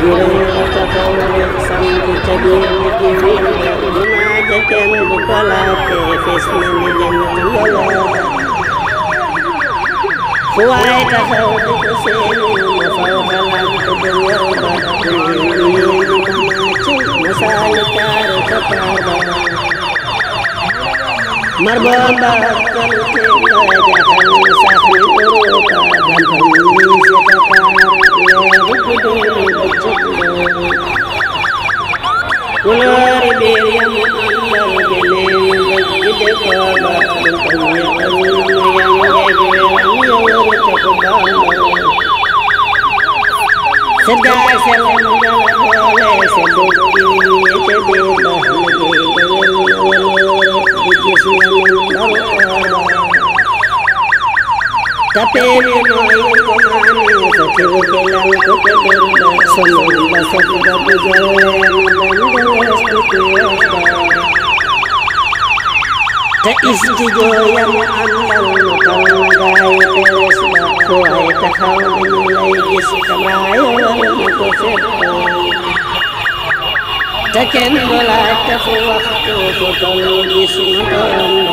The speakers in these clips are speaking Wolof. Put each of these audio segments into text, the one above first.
ngir mu taxawal sant ca biir nit yi fi ne jumaa ja kenn du ko laajte fes na ni jënd mbooloo fu waay taxaw di ko seenu ma faw xalaat ko ba ñëw ba ñu yéegi banaa ci masaali taaru ca taaba mar booba kër teen ba jaxal sax Kulóor biir yamu àndal bi néew dëgg yi de ko baax du ko ñëwal ñu yàngeeg weeram yow te ku baaxul. Séddaay selam nga la xoolee sa bopp bi te biir baax liggéey dëgër ñu wër wër di gis yàlla ndaw tapene moy ko mani ko te gelal ko te denda sonon da sat da bujal man da estu te isti jo yam andal no kalay teres da ko ay ta khawni lay gis kamayo ko fetto te kenn du laaj te fu waxtu fu toll gis ma borom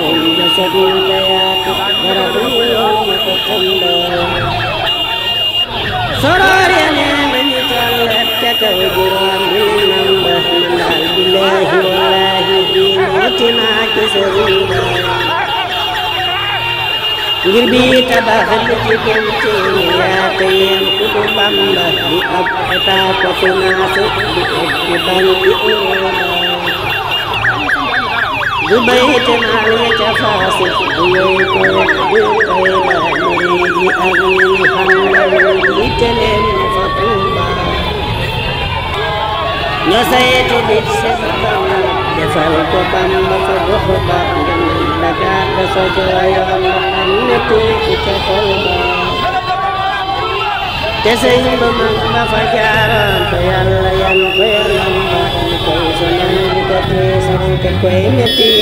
ndax borom da soroore nee nañu tollat ca kaw juróom ñu ne man ndax man daal billaahi wallaahi bii wuti naa ci sëriñ ngir bii tabax lu ci gën teeni yaa ko yéen ku du Bamba di ab état ko financé di ab ci banque ببيت عليك فاصف بيوت بالطيبة نريد أن نحملك فطوبى نسيت بالشبكة دفلت قم فالرخبة لك بشجرة يوم أنتي تتوبى te sëñ ba mag ba fa jaaroon te yàlla yan koy lamba koy sonal ko te sax te koy metti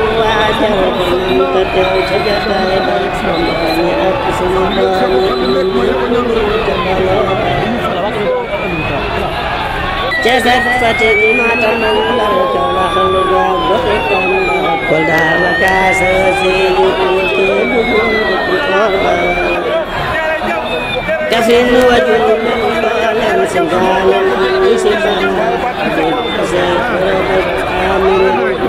وعد ومن تدعو جدبا يبارك سمعني أكس مقامي جزت فتن ما تمنظرت وخلق وفقا قل دعوك سوزيك يكيد كفن وجل من قال سبحان سبحان سبحان آمين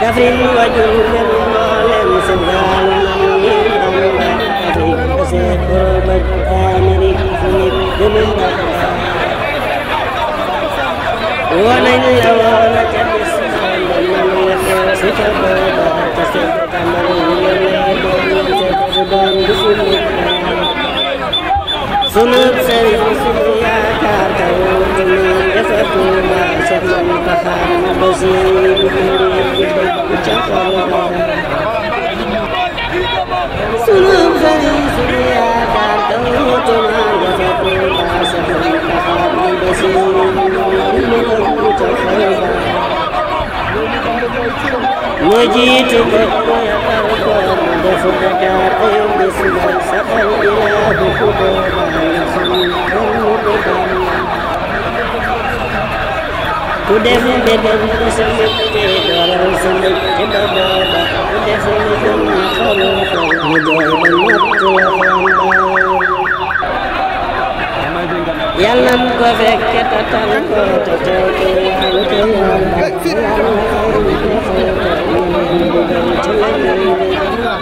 Kaffrine wa Diourbel mboolem Sénégal man mi Bamba Kaffrine Kaseet Orobak Amérique Afrique demin Dakar woo nañu la woo la ca bis Samba man la xew si ca booba Kaseet Kamal William la doon ca ko doon du sunu sunu sëriñ sunu yaakaar taw te man dafa tuuba sa man taxaar na ba ñu jiitu ko ko yaakaar def ko ay bis la sa xel ilaahu ku ku def de dem ko sa mbégte dooral sa mbégte ba ku def lu gën xolu ko mu jooy ba natt yàlla mu ko fekk te tal ko te teew te yàlla te yàlla te yàlla xayma ko xayma ko te yàlla yàlla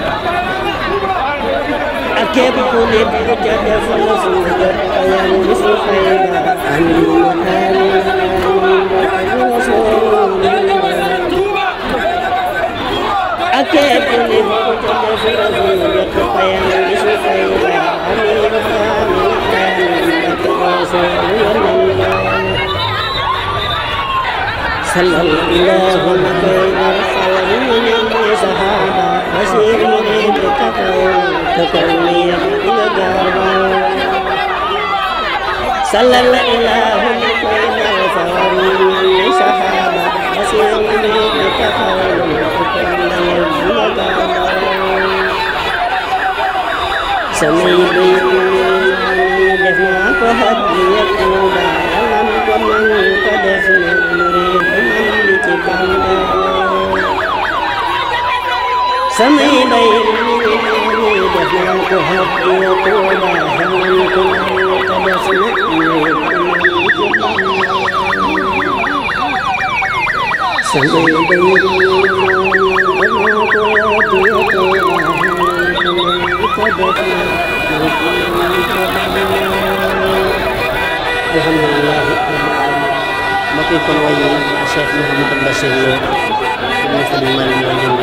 ak képp ku nekk ku ca def la suuf jot a yàlla di suuf ay ba amiin ak képp ku nekk ku ca def la suuf jot a yàlla صلى الله عليه وسلم من صحابة بشير من تكوني لدارا صلى الله بين الفواري من صحابة بشير من تكوني لدارا سمي بين hëddi yëpp ñëw daa yalam ko man ko def ne murid man li ci Bamba samay bay mi ni def naa ko hëddi yëpp daa yalam ko man ko def ne murid man li ci Bamba samay bay mi def naa ko hëddi yëpp daa yalam ko man ko def ne murid man li ci Bamba alhamdulilah ma koy kon way yi Cheikh Mouhamadou Bachir Lo